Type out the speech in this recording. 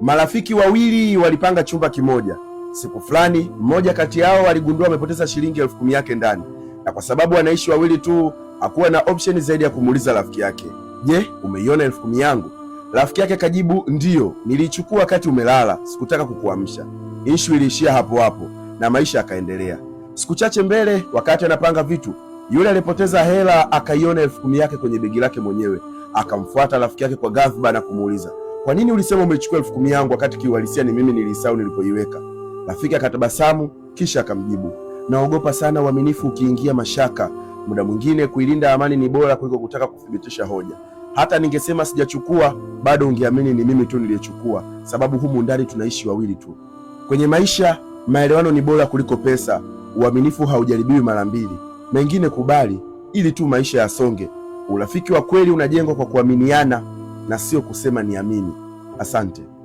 Marafiki wawili walipanga chumba kimoja. Siku fulani, mmoja kati yao aligundua amepoteza shilingi elfu kumi yake ndani, na kwa sababu anaishi wawili tu, hakuwa na option zaidi ya kumuuliza rafiki yake, je, umeiona elfu kumi yangu? Rafiki yake akajibu, ndiyo, niliichukua wakati umelala, sikutaka kukuamsha. Ishu iliishia hapo hapo na maisha yakaendelea. Siku chache mbele, wakati anapanga vitu, yule alipoteza hela akaiona elfu kumi yake kwenye begi lake mwenyewe. Akamfuata rafiki yake kwa ghadhaba na kumuuliza kwa nini ulisema umechukua elfu kumi yangu wakati kiuhalisia ni mimi nilisahau nilipoiweka? Rafiki akatabasamu kisha akamjibu, naogopa sana uaminifu ukiingia mashaka. Muda mwingine kuilinda amani ni bora kuliko kutaka kuthibitisha hoja. Hata ningesema sijachukua, bado ungeamini ni mimi tu niliyechukua, sababu humu ndani tunaishi wawili tu. Kwenye maisha maelewano ni bora kuliko pesa. Uaminifu haujaribiwi mara mbili. Mengine kubali ili tu maisha yasonge. Urafiki wa kweli unajengwa kwa kuaminiana na sio kusema niamini. Asante.